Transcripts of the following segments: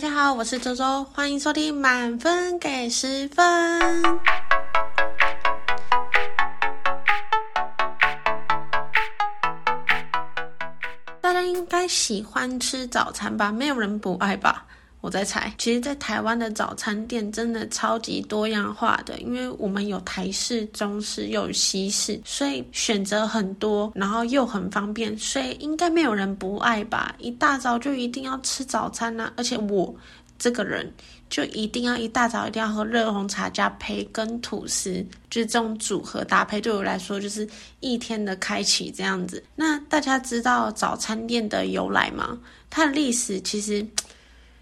大家好，我是周周，歡迎收聽滿分給十分。大家應該喜歡吃早餐吧？沒有人不愛吧？我在猜，其實，在台灣的早餐店真的超級多樣化的，因為我們有台式、中式，又有西式，所以選擇很多，然後又很方便，所以應該沒有人不愛吧？一大早就一定要吃早餐呢、啊，而且我這個人就一定要一大早一定要喝熱紅茶加培根吐司，就是這種組合搭配，對我來說就是一天的開啟這樣子。那大家知道早餐店的由來嗎？它的歷史其實。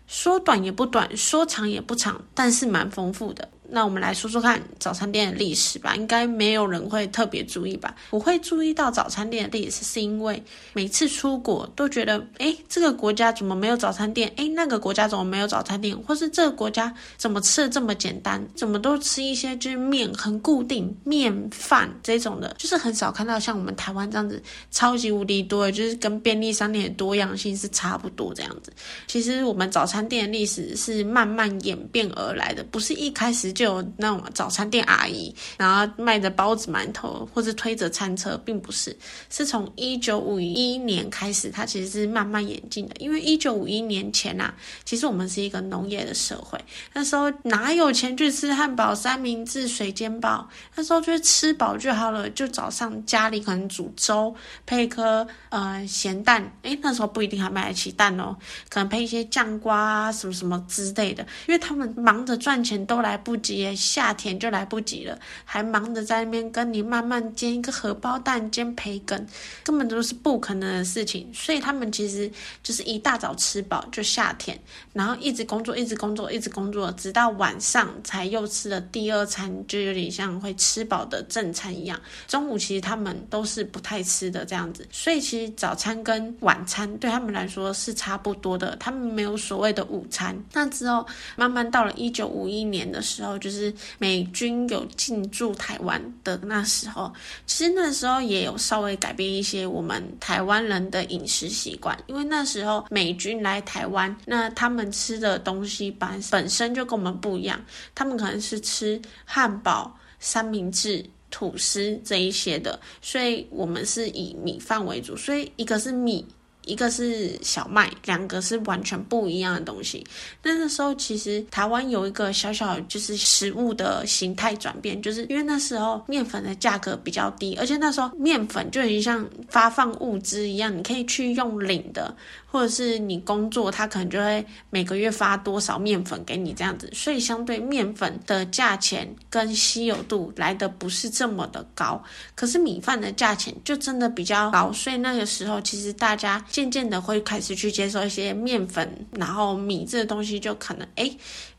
說短也不短，說長也不長，但是蠻豐富的。那我們來說說看早餐店的歷史吧，應該沒有人會特別注意吧？我會注意到早餐店的歷史，是因為每次出國都覺得，哎，這個國家怎麼沒有早餐店？哎，那個國家怎麼沒有早餐店？或是這個國家怎麼吃的這麼簡單？怎麼都吃一些就是麵很固定麵飯這種的，就是很少看到像我們台灣這樣子超級無敵多的，就是跟便利商店的多樣性是差不多這樣子。其實我們早餐店的歷史是慢慢演變而來的，不是一開始。就有那種早餐店阿姨，然後賣着包子、饅頭，或者推着餐車，並不是，是從一九五一年開始，它其實是慢慢演進的。因為一九五一年前吶啊，其實我們是一個農業的社會，那時候哪有錢去吃漢堡、三明治、水煎包？那時候就吃飽就好了，就早上家裡可能煮粥，配一顆呃鹹蛋。誒，那時候不一定還買得起蛋哦，可能配一些醬瓜啊什麼什麼之類的。因為他們忙着賺錢都來不及。夏天就來不及了，還忙着在那邊跟你慢慢煎一個荷包蛋、煎培根，根本都是不可能的事情。所以他們其實就是一大早吃飽就下田，然後一直工作、一直工作、一直工作，直到晚上才又吃了第二餐，就有點像會吃飽的正餐一樣。中午其實他們都是不太吃的這樣子，所以其實早餐跟晚餐對他們來說是差不多的，他們沒有所謂的午餐。那之後慢慢到了一九五一年的時候。就是美軍有進駐台灣的那時候，其實那時候也有稍微改變一些我們台灣人的飲食習慣，因為那時候美軍來台灣，那他們吃的東西本本身就跟我們不一樣，他們可能是吃漢堡、三明治、吐司這一些的，所以我們是以米飯為主，所以一個是米。一個是小麥，兩個是完全不一樣的東西。那那時候其實台灣有一個小小就是食物的形態轉變，就是因為那時候麵粉的價格比較低，而且那時候麵粉就很像發放物資一樣，你可以去用領的，或者是你工作，他可能就會每個月發多少麵粉給你這樣子。所以相對麵粉的價錢跟稀有度來的不是這麼的高，可是米飯的價錢就真的比較高。所以那個時候其實大家。漸漸的會開始去接受一些麵粉，然後米這個東西就可能哎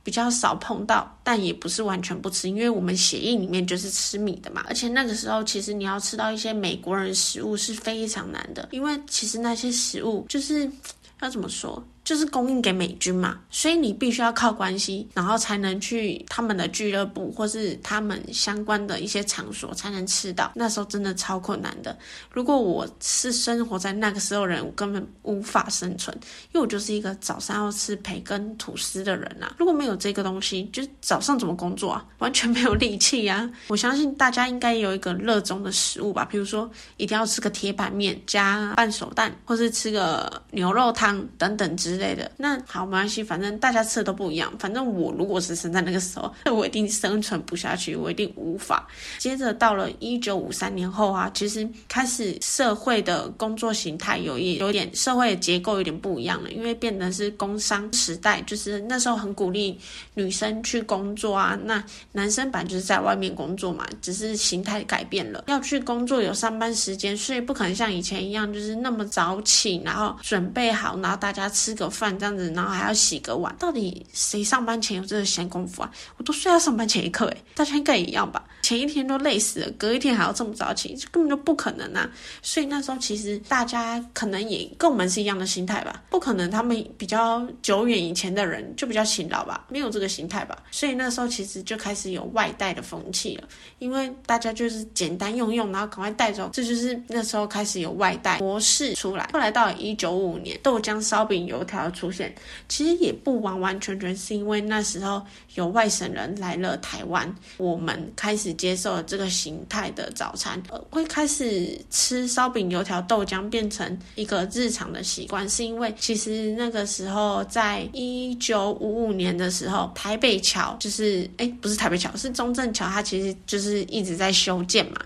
比較少碰到，但也不是完全不吃，因為我們血液裡面就是吃米的嘛。而且那個時候其實你要吃到一些美國人食物是非常難的，因為其實那些食物就是要怎麼說？就是供應給美軍嘛，所以你必須要靠關係，然後才能去他們的俱樂部或是他們相關的一些場所才能吃到。那時候真的超困難的。如果我是生活在那個時候的人，我根本無法生存，因為我就是一個早上要吃培根吐司的人吶、啊。如果沒有這個東西，就早上怎麼工作啊？完全沒有力氣啊！我相信大家應該有一個熱衷的食物吧，比如說一定要吃個鐵板麵加半熟蛋，或是吃個牛肉湯等等之。之類的那好，沒關係，反正大家吃的都不一樣。反正我如果是生在那個時候，那我一定生存不下去，我一定無法。接着到了一九五三年後啊，其實開始社會的工作形態有，也有點社會的結構有點不一樣了，因為變得是工商時代，就是那時候很鼓勵女生去工作啊，那男生本來就是在外面工作嘛，只是形態改變了，要去工作有上班時間，所以不可能像以前一樣就是那麼早起，然後準備好，然後大家吃。個飯這樣子，然後還要洗個碗，到底誰上班前有這個閒工夫啊？我都睡到上班前一刻誒，大家應該也一樣吧？前一天都累死了，隔一天還要這麼早起，就根本就不可能啊。所以那時候其實大家可能也跟我們是一樣的心態吧，不可能。他們比較久遠以前的人就比較勤勞吧，沒有這個心態吧。所以那時候其實就開始有外帶的風氣了，因為大家就是簡單用用，然後趕快帶走。這就是那時候開始有外帶模式出來。後來到一九五五年，豆漿燒餅油。它出現其實也不完完全全是因為那時候有外省人來了台灣，我們開始接受這個形態的早餐，會開始吃燒餅、油條、豆漿，變成一個日常的習慣，是因為其實那個時候在一九五五年的時候，台北橋就是，哎，不是台北橋，是中正橋，它其實就是一直在修建嘛。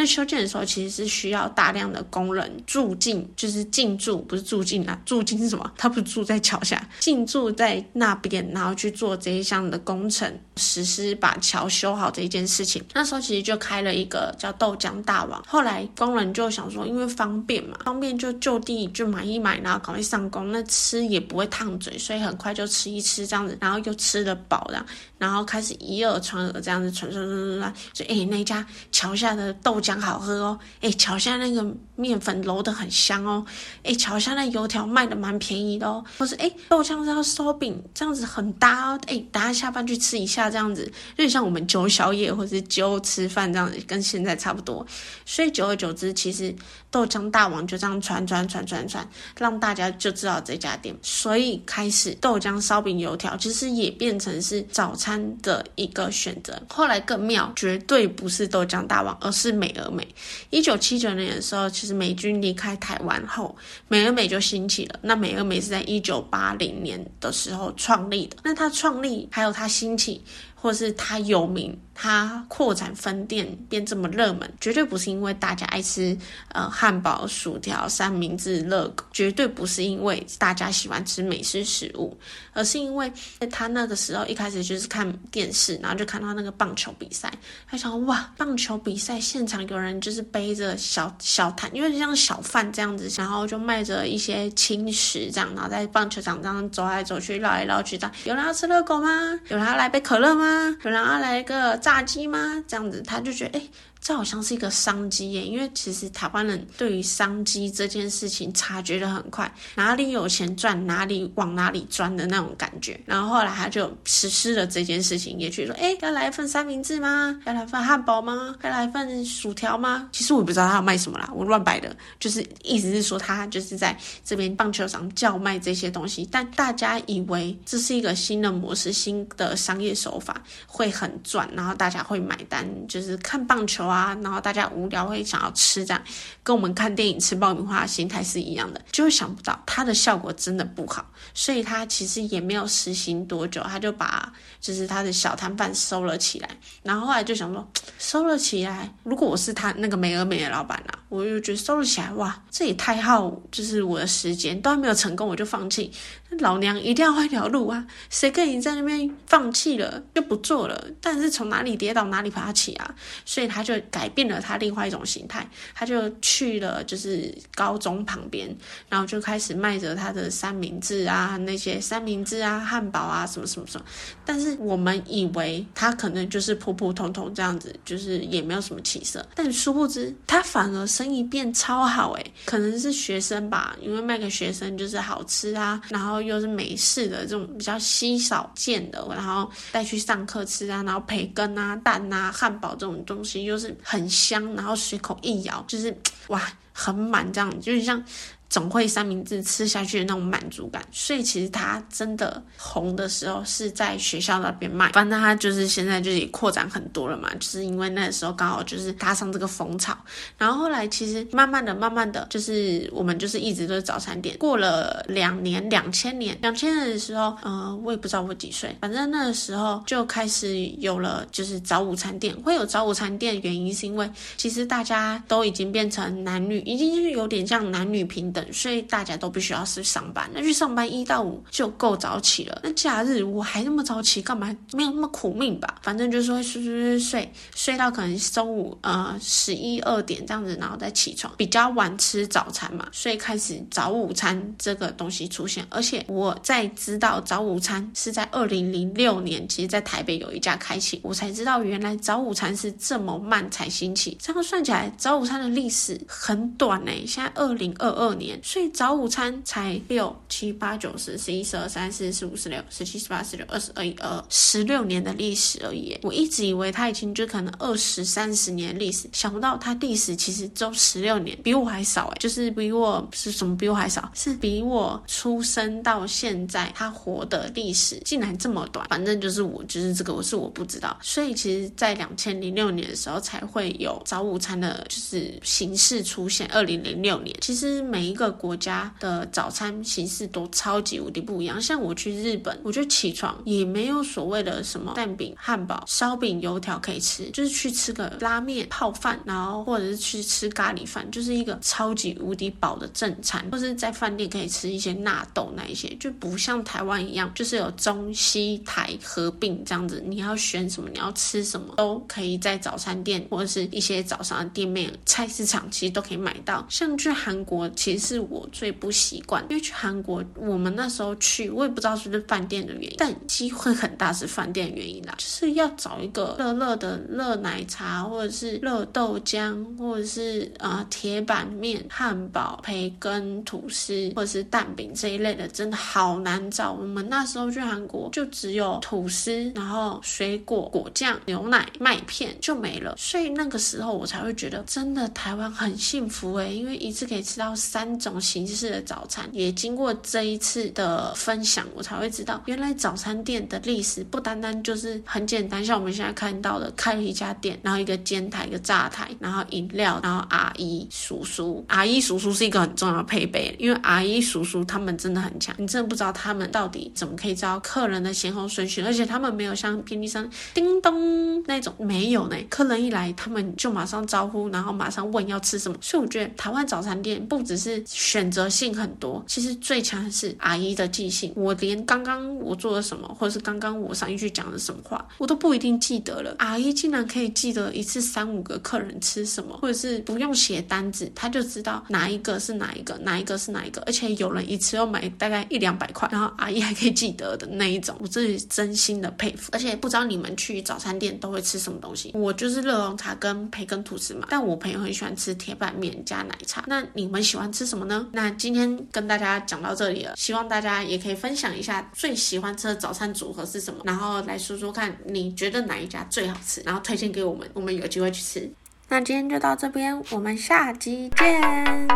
那修建的時候其實是需要大量的工人住進，就是進駐，不是住進啊，住進是什麼？他不是住在橋下，進駐在那邊，然後去做這一項的工程實施，把橋修好這一件事情。那時候其實就開了一個叫豆漿大王。後來工人就想說，因為方便嘛，方便就就地就買一買，然後趕快上工，那吃也不會燙嘴，所以很快就吃一吃這樣子，然後又吃得飽了，然後開始以耳傳耳這樣子傳傳傳傳傳，就哎那家橋下的豆漿。好喝哦！誒，瞧下那個麵粉揉得很香哦！誒，瞧下那油條賣的蠻便宜的哦！或是誒，豆漿加燒，燒餅這樣子很搭哦！誒，大家下班去吃一下這樣子，有點像我們揪宵夜或是揪吃飯這樣子，跟現在差不多。所以久而久之，其實豆漿大王就這樣傳傳傳傳傳、傳，讓大家就知道這家店。所以開始豆漿、燒餅、油條其實也變成是早餐的一個選擇。後來更妙，絕對不是豆漿大王，而是每。美而美，一九七九年的時候，其實美軍離開台灣後，美而美就興起了。那美而美是在一九八零年的時候創立的，那他創立還有他興起，或是他有名。他擴展分店變這麼熱門，絕對不是因為大家愛吃呃漢堡、薯條、三明治、熱狗，絕對不是因為大家喜歡吃美式食物，而是因為他那個時候一開始就是看電視，然後就看到那個棒球比賽，他想哇，棒球比賽現場有人就是背着小小攤，因為就像小販這樣子，然後就賣着一些輕食這樣，然後在棒球場上走來走去，繞來繞去，這樣有人要吃熱狗嗎？有人要來杯可樂嗎？有人要來一個？大雞嗎？這樣子，他就覺得，哎、欸。這好像是一個商機耶，因為其實台灣人對於商機這件事情察覺得很快，哪裡有錢賺，哪裡往哪裡鑽的那種感覺。然後後來他就實施了這件事情，也去說：“哎，要來一份三明治嗎？要來份漢堡嗎？要來份薯條嗎？”其實我也不知道他要賣什麼啦，我亂擺的，就是意思是說他就是在這邊棒球場叫賣這些東西，但大家以為這是一個新的模式、新的商業手法會很賺，然後大家會買單，就是看棒球。然後大家無聊會想要吃，這樣跟我們看電影吃爆米花的心態是一樣的，就想不到它的效果真的不好，所以它其實也沒有實行多久，他就把就是他的小攤販收了起來。然後後來就想說，收了起來，如果我是他那個美而美的老闆呢、啊？我就覺得收了起來，哇，這也太耗，就是我的時間都還沒有成功，我就放棄。老娘一定要換條路啊！誰可以在那邊放棄了就不做了？但是從哪裡跌倒哪裡爬起啊！所以他就改變了他另外一種形態，他就去了就是高中旁邊，然後就開始賣着他的三明治啊，那些三明治啊、漢堡啊，什麼什麼什麼。但是我們以為他可能就是普普通通這樣子，就是也沒有什麼起色。但殊不知，他反而是。生意變超好哎，可能是學生吧，因為賣給學生就是好吃啊，然後又是美式的這種比較稀少見的，然後帶去上課吃啊，然後培根啊、蛋啊、漢堡這種東西又是很香，然後隨口一咬就是哇，很滿這樣，就是像。總會三明治吃下去的那種滿足感，所以其實它真的紅的時候是在學校那邊賣。反正它就是現在就是擴展很多了嘛，就是因為那個時候剛好就是搭上這個風潮。然後後來其實慢慢的、慢慢的就是我們就是一直都是早餐店。過了兩年，兩千年、兩千年的時候，呃，我也不知道我幾歲，反正那個時候就開始有了就是早午餐店。會有早午餐店的原因是因為其實大家都已經變成男女，已經是有點像男女平等。所以大家都必須要去上班。那去上班一到五就夠早起了。那假日我還那麼早起幹嘛？沒有那麼苦命吧？反正就是會睡睡睡睡，睡到可能中午呃十一二點這樣子，然後再起床，比較晚吃早餐嘛。所以開始早午餐這個東西出現。而且我在知道早午餐是在二零零六年，其實在台北有一家開啟，我才知道原來早午餐是這麼慢才興起。這樣算起來，早午餐的歷史很短呢。欸，現在二零二二年。所以早午餐才六七八九十十一十二三四十五十六十七十八十九二十二一二十六年的歷史而已。我一直以為他已經就可能二十三十年歷史，想不到他歷史其實只有十六年，比我還少哎！就是比我是什麼比我還少？是比我出生到現在，他活的歷史竟然這麼短。反正就是我就是這個，我是我不知道。所以其實在兩千零六年的時候，才會有早午餐的，就是形式出現。二零零六年，其實每一。各國家的早餐形式都超級無敵不一樣。像我去日本，我就起床也沒有所謂的什麼蛋餅、漢堡、燒餅、油條可以吃，就是去吃個拉麵、泡飯，然後或者是去吃咖喱飯，就是一個超級無敵飽的正餐。或是在飯店可以吃一些納豆那一些，就不像台灣一樣，就是有中西台合併這樣子。你要選什麼，你要吃什麼，都可以在早餐店或者是一些早上的店面、菜市場其實都可以買到。像去韓國，其實，是我最不習慣，因為去韓國，我們那時候去，我也不知道是不是飯店的原因，但機會很大是飯店的原因啦、啊，就是要找一個熱熱的熱奶茶，或者是熱豆漿，或者是啊、呃、鐵板麵、漢堡、培根、吐司，或者是蛋餅這一類的，真的好難找。我們那時候去韓國，就只有吐司，然後水果果醬、牛奶、麥片就沒了，所以那個時候我才會覺得真的台灣很幸福誒、欸，因為一次可以吃到三。種形式的早餐，也經過這一次的分享，我才會知道，原來早餐店的歷史不單單就是很簡單，像我們現在看到的，開了一家店，然後一個煎台，一個炸台，然後飲料，然後阿姨、叔叔，阿姨、叔叔是一個很重要的配備，因為阿姨、叔叔他們真的很強，你真的不知道他們到底怎麼可以知道客人的先後順序，而且他們沒有像便利商店叮咚那種沒有呢，客人一來，他們就馬上招呼，然後馬上問要吃什麼，所以我覺得台灣早餐店不只是。選擇性很多，其實最強的是阿姨的記性。我連剛剛我做了什麼，或者是剛剛我上一句講了什麼話，我都不一定記得了。阿姨竟然可以記得一次三五個客人吃什麼，或者是不用寫單子，她就知道哪一個是哪一個，哪一個是哪一個，而且有人一次要買大概一兩百塊，然後阿姨還可以記得的那一種，我自己真心的佩服。而且不知道你們去早餐店都會吃什麼東西？我就是熱紅茶跟培根吐司嘛，但我朋友很喜歡吃鐵板麵加奶茶。那你們喜歡吃什麼？什麼呢？那今天跟大家講到這裡了，希望大家也可以分享一下最喜歡吃的早餐組合是什麼，然後來說說看你覺得哪一家最好吃，然後推薦給我們，我們有機會去吃。那今天就到這邊，我們下期見。